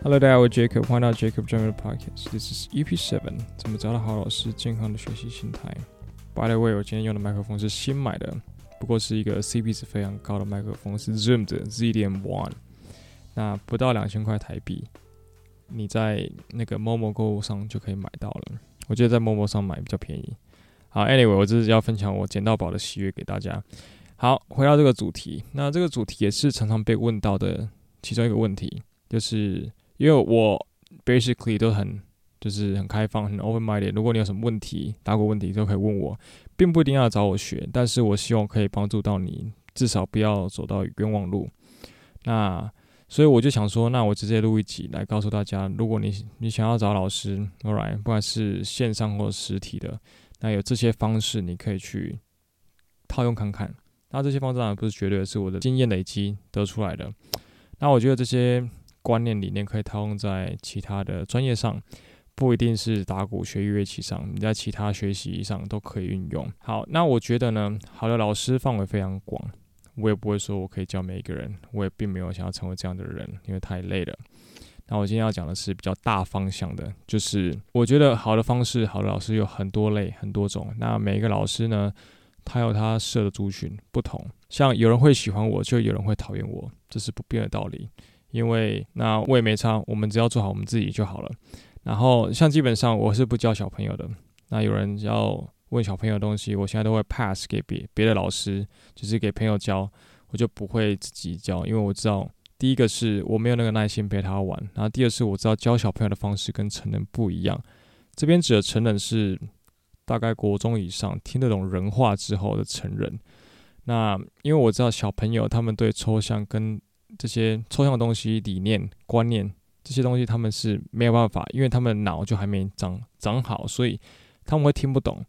Hello，大家好，我是 Jacob，歡迎來到 Jacob Drumemory Podcast。This is EP Seven，怎麼找到好老師？健康的學習心態。By the way，我今天用的麥克風是新買的，不過是一個 CP 值非常高的麥克風，是 Zoom 的 ZDM One，那不到兩千塊台幣，你在那個 Momo 購物上就可以買到了。我覺得在 Momo 上買比較便宜。好，Anyway，我這次要分享我撿到寶的喜悅給大家。好，回到這個主題，那這個主題也是常常被問到的其中一個問題，就是。因為我 basically 都很就是很開放，很 open minded。如果你有什麼問題，打鼓問題都可以問我，並不一定要找我學，但是我希望可以幫助到你，至少不要走到冤枉路。那所以我就想說，那我直接錄一集來告訴大家，如果你你想要找老師，all right，不管是線上或實體的，那有這些方式你可以去套用看看。那這些方式當然不是絕對，是我的經驗累積得出來的。那我覺得這些。觀念理念可以套用在其他的專業上，不一定是打鼓學樂器上，你在其他學習上都可以運用。好，那我覺得呢，好的老師範圍非常廣，我也不會說我可以教每一個人，我也並沒有想要成為這樣的人，因為太累了。那我今天要講的是比較大方向的，就是我覺得好的方式、好的老師有很多類、很多種。那每一個老師呢，他有他適合的族群不同，像有人會喜歡我，就有人會討厭我，這是不變的道理。因為那我也沒差，我們只要做好我們自己就好了。然後像基本上我是不教小朋友的。那有人只要問小朋友的東西，我現在都會 pass 給別別的老師，就是給朋友教，我就不會自己教，因為我知道第一個是我沒有那個耐心陪他玩，然後第二個是我知道教小朋友的方式跟成人不一樣。這邊指的成人是大概國中以上聽得懂人話之後的成人。那因為我知道小朋友他們對抽象跟這些抽象的東西、理念、觀念，這些東西他們是沒有辦法，因為他們腦就還沒長長好，所以他們會聽不懂。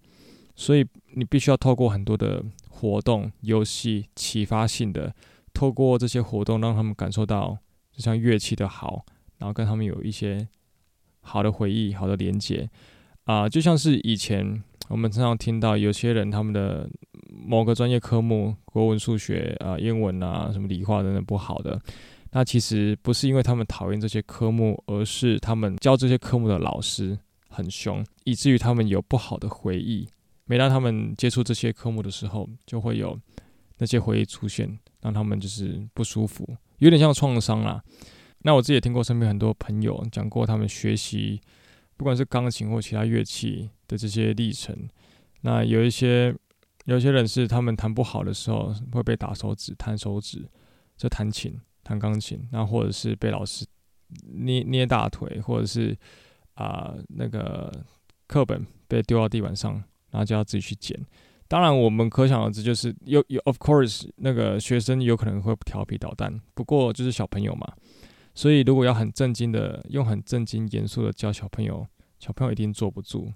所以你必須要透過很多的活動、遊戲、啟發性的，透過這些活動讓他們感受到，就像樂器的好，然後跟他們有一些好的回憶、好的連接，啊、呃，就像是以前。我們常常聽到有些人他們的某個專業科目，國文、數學啊、呃、英文啊、什麼理化等等不好的，那其實不是因為他們討厭這些科目，而是他們教這些科目的老師很凶，以至於他們有不好的回憶。每當他們接觸這些科目的時候，就會有那些回憶出現，讓他們就是不舒服，有點像創傷啦。那我自己也聽過身邊很多朋友講過，他們學習。不管是鋼琴或其他樂器的這些歷程，那有一些有一些人是他們彈不好的時候會被打手指、彈手指，就彈琴、彈鋼琴，那或者是被老師捏捏大腿，或者是啊、呃、那個課本被丟到地板上，然後就要自己去撿。當然，我們可想而知，就是有有 of course 那個學生有可能會調皮搗蛋，不過就是小朋友嘛。所以，如果要很正經的用很正經、嚴肅的教小朋友，小朋友一定坐不住。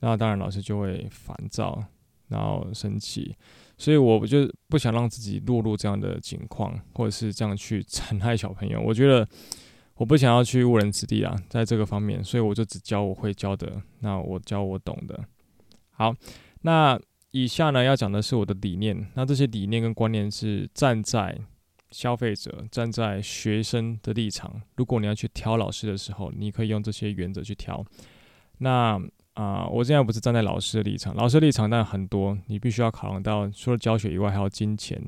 那當然，老師就會煩躁，然後生氣。所以，我就不想讓自己落入這樣的情況，或者是這樣去殘害小朋友。我覺得我不想要去誤人子弟啊，在這個方面，所以我就只教我會教的，那我教我懂的。好，那以下呢要講的是我的理念。那這些理念跟觀念是站在消費者，站在學生的立場，如果你要去挑老師的時候，你可以用這些原則去挑。那啊、呃，我現在不是站在老師的立場，老師的立場當然很多，你必須要考量到除了教學以外，還有金錢，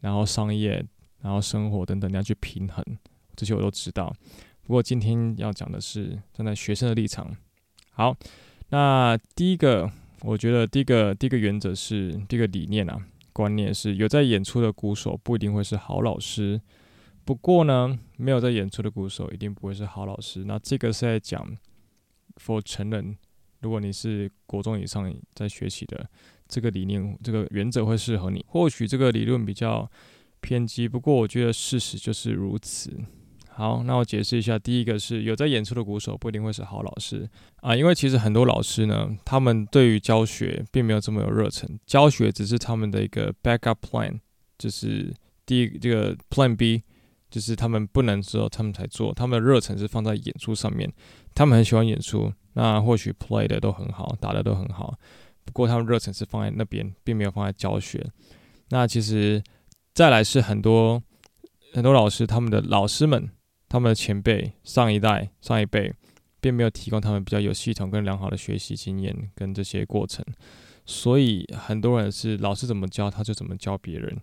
然後商業，然後生活等等，你要去平衡。這些我都知道。不過今天要講的是站在學生的立場。好，那第一個，我覺得第一個第一個原則是第一個理念啊。觀念是有在演出的鼓手不一定會是好老師，不過呢，沒有在演出的鼓手一定不會是好老師。那這個是在講 for 成人，如果你是國中以上在學習的，這個理念、這個原則會適合你。或許這個理論比較偏激，不過我覺得事實就是如此。好，那我解釋一下。第一個是有在演出的鼓手，不一定會是好老師啊，因為其實很多老師呢，他們對於教學並沒有這麼有熱忱，教學只是他們的一個 backup plan，就是第一這個 plan B，就是他們不能之後，他們才做，他們的熱忱是放在演出上面，他們很喜歡演出，那或許 play 的都很好，打的都很好，不過他們熱忱是放在那邊，並沒有放在教學。那其實再來是很多很多老師，他們的老師們。他們的前輩、上一代、上一輩，並沒有提供他們比較有系統跟良好的學習經驗跟這些過程，所以很多人是老師怎麼教他就怎麼教別人。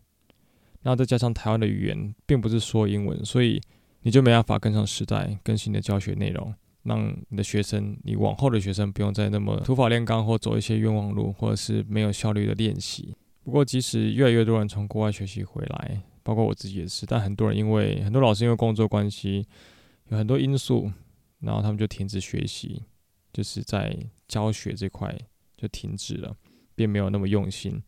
那再加上台灣的語言並不是說英文，所以你就沒辦法跟上時代，更新的教學內容，讓你的學生，你往後的學生不用再那麼土法煉鋼或走一些冤枉路，或者是沒有效率的練習。不過，即使越來越多人從國外學習回來。包括我自己也是，但很多人因為很多老師因為工作關係，有很多因素，然後他們就停止學習，就是在教學這塊就停止了，並沒有那麼用心。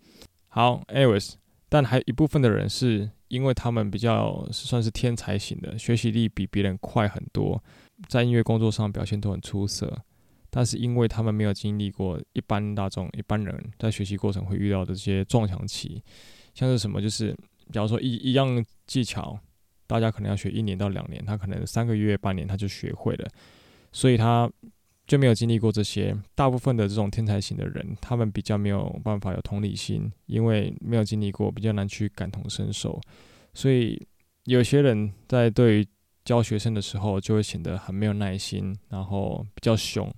好，Aris，但還有一部分的人是因為他們比較是算是天才型的，學習力比別人快很多，在音樂工作上表現都很出色，但是因為他們沒有經歷過一般大眾一般人在學習過程會遇到的這些撞牆期，像是什麼就是。比如說一一樣技巧，大家可能要學一年到兩年，他可能三個月半年他就學會了，所以他就沒有經歷過這些。大部分的這種天才型的人，他們比較沒有辦法有同理心，因為沒有經歷過，比較難去感同身受。所以有些人在對於教學生的時候，就會顯得很沒有耐心，然後比較兇。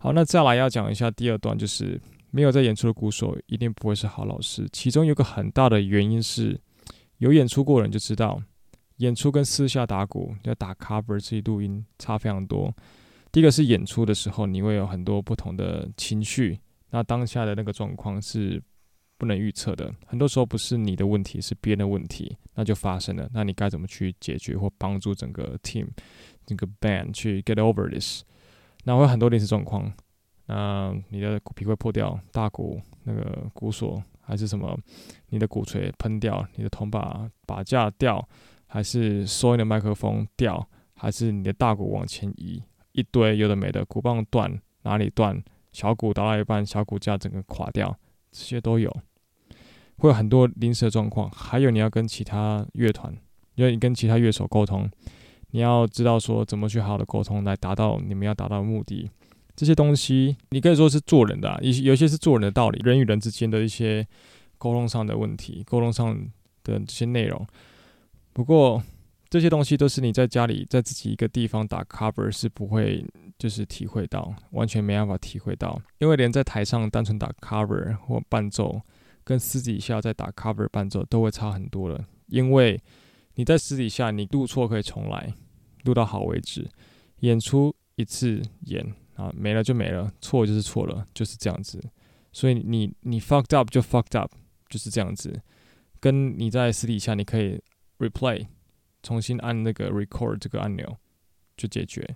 好，那再來要講一下第二段，就是沒有在演出的鼓手一定不會是好老師。其中有個很大的原因是。有演出過的人就知道，演出跟私下打鼓要打 cover 自己錄音差非常多。第一個是演出的時候，你會有很多不同的情緒，那當下的那個狀況是不能預測的。很多時候不是你的問題，是別人的問題，那就發生了。那你該怎麼去解決或幫助整個 team、整個 band 去 get over this？那會有很多臨時狀況，那你的鼓皮會破掉，大鼓那個鼓鎖。還是什麼？你的鼓槌噴掉，你的銅把把架掉，還是收音的麥克風掉，還是你的大鼓往前移，一堆有的沒的，鼓棒斷，哪裡斷，小鼓打到一半，小鼓架整個垮掉，這些都有，會有很多臨時的狀況。還有你要跟其他樂團，因為你跟其他樂手溝通，你要知道說怎麼去好好的溝通來達到你們要達到的目的。這些東西，你可以說是做人的啊，有些有些是做人的道理，人與人之間的一些溝通上的問題，溝通上的這些內容。不過這些東西都是你在家裡在自己一個地方打 cover 是不會就是體會到，完全沒辦法體會到，因為連在台上單純打 cover 或伴奏，跟私底下在打 cover 伴奏都會差很多了。因為你在私底下你錄錯可以重來，錄到好為止，演出一次演，啊，沒了就沒了，錯就是錯了，就是這樣子。所以你你 fucked up 就 fucked up，就是這樣子。跟你在私底下你可以 replay，重新按那個 record 這個按鈕就解決，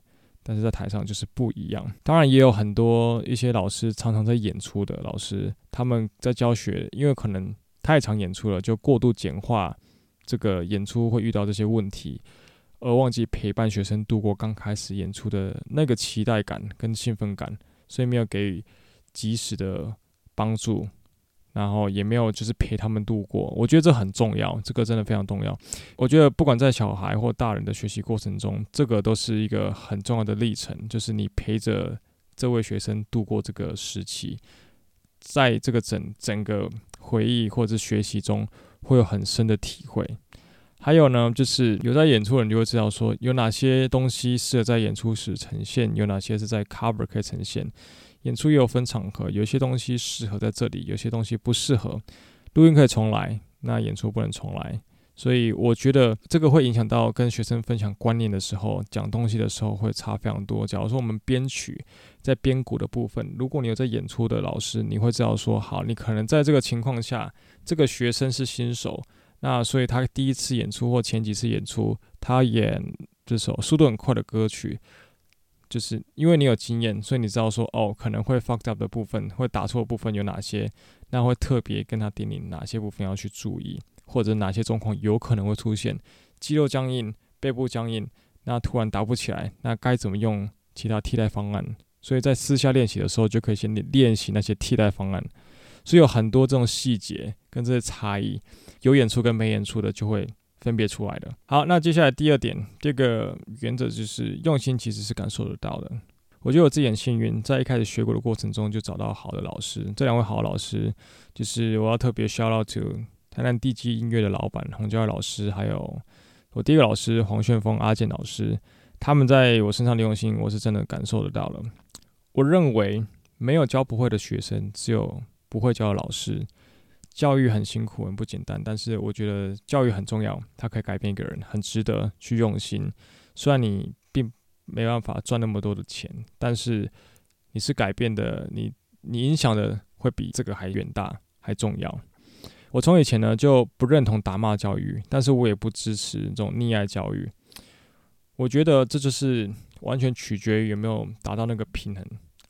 但是在台上就是不一樣。當然也有很多一些老師常常在演出的老師，他們在教學，因為可能太常演出了，就過度簡化這個演出會遇到這些問題，而忘記陪伴學生度過剛開始演出的那個期待感跟興奮感，所以沒有給予及時的幫助，然後也沒有就是陪他們度過。我覺得這很重要，這個真的非常重要。我覺得不管在小孩或大人的學習過程中，這個都是一個很重要的歷程，就是你陪着這位學生度過這個時期，在這個整整個回憶或者是學習中會有很深的體會。還有呢，就是有在演出的人就會知道說有哪些東西適合在演出時呈現，有哪些是在 cover 可以呈現。演出也有分場合，有些東西適合在這裡，有些東西不適合。錄音可以重來，那演出不能重來。所以我覺得這個會影響到跟學生分享觀念的時候，講東西的時候會差非常多。假如說我們編曲在編鼓的部分，如果你有在演出的老師，你會知道說，好，你可能在這個情況下，這個學生是新手。那所以他第一次演出或前幾次演出，他演這首速度很快的歌曲，就是因為你有經驗，所以你知道說哦，可能會 fucked up 的部分，會打錯的部分有哪些，那會特別跟他叮嚀哪些部分要去注意，或者哪些狀況有可能會出現肌肉僵硬、背部僵硬，那突然打不起來，那該怎麼用其他替代方案？所以在私下練習的時候，就可以先練習那些替代方案。所以有很多這種細節跟這些差異，有演出跟沒演出的就會分別出來的。好，那接下來第二點，這個原則就是用心，其實是感受得到的。我覺得我自己很幸運，在一開始學鼓的過程中就找到好的老師。這兩位好老師，就是我要特別 shout out to 台南 DG 音樂的老闆洪嬌老師，還有我第一個老師黃旋風阿健老師，他們在我身上的用心，我是真的感受得到了。我認為沒有教不會的學生，只有不會教的老師，教育很辛苦，很不簡單。但是我覺得教育很重要，它可以改變一個人，很值得去用心。雖然你並沒辦法賺那麼多的錢，但是你是改變的，你你影響的會比這個還遠大，還重要。我從以前呢就不認同打罵教育，但是我也不支持這種溺愛教育。我覺得這就是完全取決於有沒有達到那個平衡。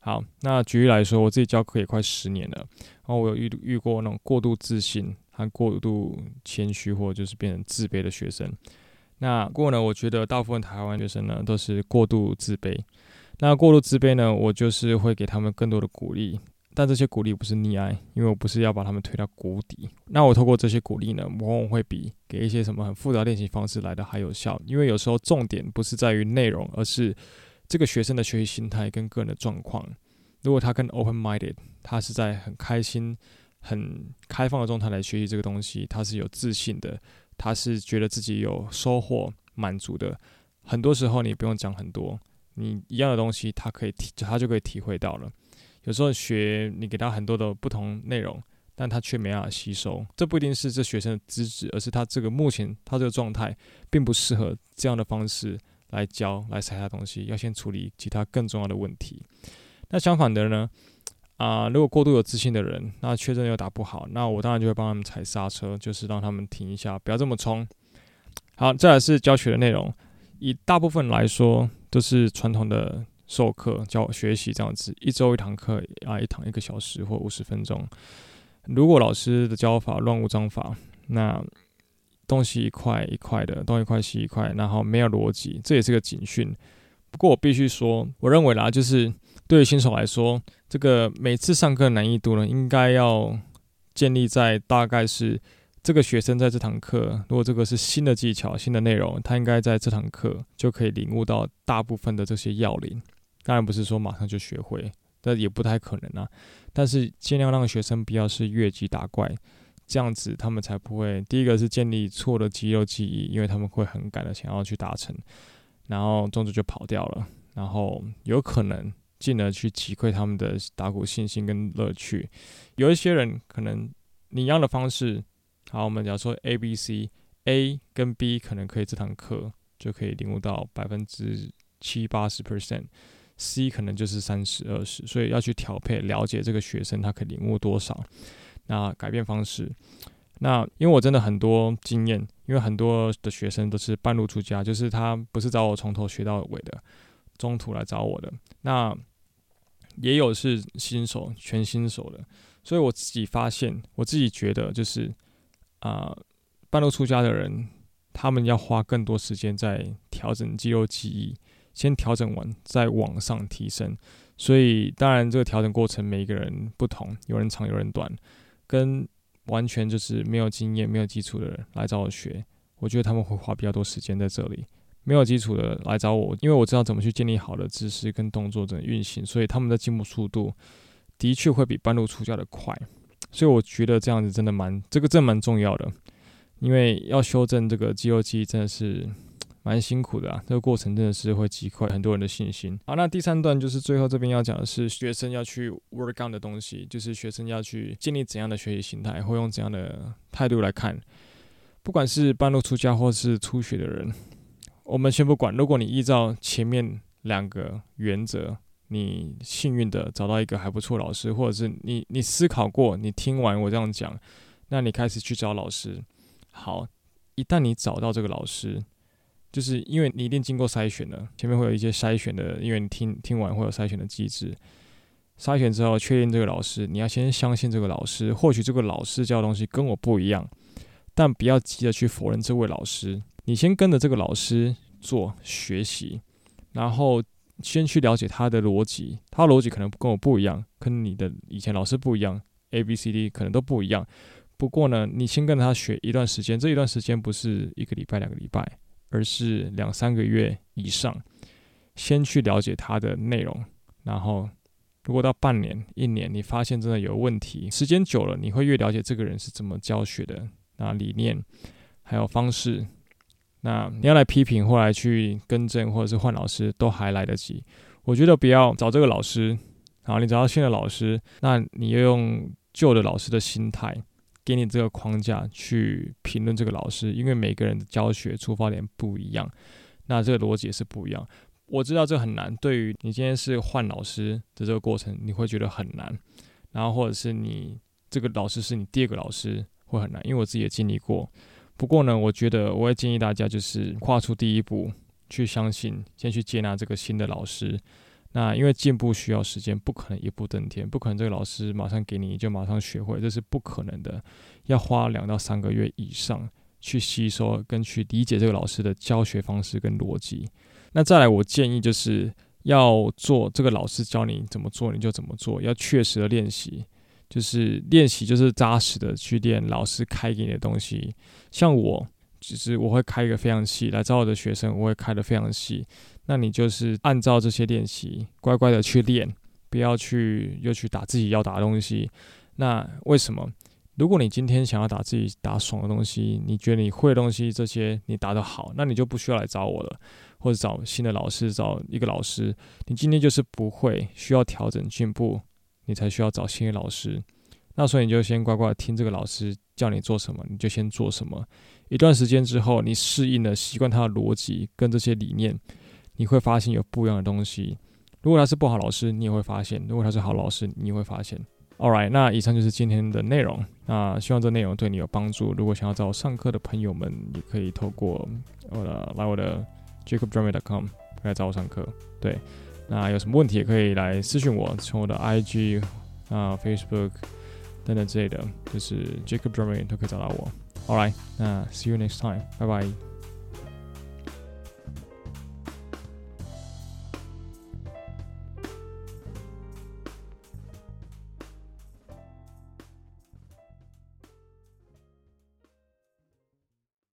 好，那舉例來說，我自己教課也快十年了，然後我有遇遇過那種過度自信和過度謙虛，或者就是變成自卑的學生。那過呢，我覺得大部分台灣學生呢都是過度自卑。那過度自卑呢，我就是會給他們更多的鼓勵，但這些鼓勵不是溺愛，因為我不是要把他們推到谷底。那我透過這些鼓勵呢，往往會比給一些什麼很複雜的練習方式來的還有效，因為有時候重點不是在於內容，而是。這個學生的學習心態跟個人的狀況，如果他更 open-minded，他是在很開心、很開放的狀態來學習這個東西，他是有自信的，他是覺得自己有收穫、滿足的。很多時候你不用講很多，你一樣的東西他可以體，他就可以體會到了。有時候學你給他很多的不同內容，但他卻沒辦法吸收，這不一定是這學生的資質，而是他這個目前他這個狀態並不適合這樣的方式，來教來踩下東西，要先處理其他更重要的問題。那相反的呢？啊、呃，如果過度有自信的人，那確認又打不好，那我當然就會幫他們踩剎車，就是讓他們停一下，不要這麼衝。好，再來是教學的內容，以大部分來說都、就是傳統的授課教學習這樣子，一周一堂課啊，一堂一個小時或五十分鐘。如果老師的教法亂無章法，那東西一塊一塊的，東一塊西一塊，然後沒有邏輯，這也是個警訊。不過我必須說，我認為啦，就是對於新手來說，這個每次上課的難易度呢，應該要建立在大概是這個學生在這堂課，如果這個是新的技巧、新的內容，他應該在這堂課就可以領悟到大部分的這些要領。當然不是說馬上就學會，但也不太可能啊。但是盡量讓學生不要是越級打怪。這樣子，他們才不會。第一個是建立錯的肌肉記憶，因為他們會很趕的想要去達成，然後中途就跑掉了，然後有可能進而去擊潰他們的打鼓信心跟樂趣。有一些人可能你一樣的方式，好，我們假如說 ABC, A、B、C，A 跟 B 可能可以這堂課就可以領悟到百分之七八十 percent，C 可能就是三十二十，所以要去調配，了解這個學生他可以領悟多少。那改變方式，那因為我真的很多經驗，因為很多的學生都是半路出家，就是他不是找我從頭學到尾的，中途來找我的。那也有是新手，全新手的。所以我自己發現，我自己覺得就是啊，呃，半路出家的人，他們要花更多時間在調整肌肉記憶，先調整完再往上提升。所以當然這個調整過程，每一個人不同，有人長有人短。跟完全就是沒有經驗、沒有基礎的人來找我學，我覺得他們會花比較多時間在這裡。沒有基礎的人來找我，因為我知道怎麼去建立好的姿勢跟動作怎麼運行，所以他們的進步速度的確會比半路出家的快。所以我覺得這樣子真的蠻，這個真蠻重要的，因為要修正這個肌肉 g 真的是。蠻辛苦的啊，這個過程真的是會擊潰很多人的信心。好，那第三段就是最後這邊要講的是學生要去 work on 的東西，就是學生要去建立怎樣的學習心態，會用怎樣的態度來看。不管是半路出家或是初學的人，我們先不管。如果你依照前面兩個原則，你幸運的找到一個還不錯老師，或者是你你思考過，你聽完我這樣講，那你開始去找老師。好，一旦你找到這個老師。就是因為你一定經過篩選的，前面會有一些篩選的，因為你聽聽完會有篩選的機制。篩選之後，確定這個老師，你要先相信這個老師。或許這個老師教的東西跟我不一樣，但不要急着去否認這位老師。你先跟着這個老師做學習，然後先去了解他的邏輯。他邏輯可能跟我不一樣，跟你的以前老師不一樣，A、B、C、D 可能都不一樣。不過呢，你先跟他學一段時間，這一段時間不是一個禮拜，兩個禮拜。而是兩三個月以上，先去了解他的內容，然後如果到半年、一年，你發現真的有問題，時間久了你會越了解這個人是怎麼教學的，那理念還有方式，那你要來批評或來去更正，或者是換老師都還來得及。我覺得不要找這個老師，然後你找到新的老師，那你要用舊的老師的心態給你這個框架去評論這個老師，因為每個人的教學出發點不一樣，那這個邏輯也是不一樣。我知道這很難，對於你今天是換老師的這個過程，你會覺得很難。然後或者是你這個老師是你第二個老師會很難，因為我自己也經歷過。不過呢，我覺得我會建議大家就是跨出第一步，去相信，先去接納這個新的老師。那因為進步需要時間，不可能一步登天，不可能這個老師馬上給你就馬上學會，這是不可能的，要花兩到三個月以上去吸收跟去理解這個老師的教學方式跟邏輯。那再來，我建議就是要做，這個老師教你怎麼做你就怎麼做，要確實的練習，就是練習就是扎實的去練老師開給你的東西。像我，其實我會開一個非常細，來找我的學生，我會開的非常細。那你就是按照這些練習，乖乖的去練，不要去又去打自己要打的東西。那為什麼？如果你今天想要打自己打爽的東西，你覺得你會的東西這些你打得好，那你就不需要來找我了，或者找新的老師，找一個老師。你今天就是不會，需要調整進步，你才需要找新的老師。那所以你就先乖乖聽這個老師叫你做什麼，你就先做什麼。一段時間之後，你適應了，習慣他的邏輯跟這些理念。你會發現有不一樣的東西。如果他是不好老師，你也會發現；如果他是好老師，你也會發現。All right，那以上就是今天的內容。那希望這內容對你有幫助。如果想要找我上課的朋友們，也可以透過我的來我的 Jacob Drumemory.com 來找我上課。對，那有什麼問題也可以來私訊我，從我的 IG 啊 Facebook 等等之類的就是 Jacob Drumemory 都可以找到我。All right，那 See you next time，拜拜。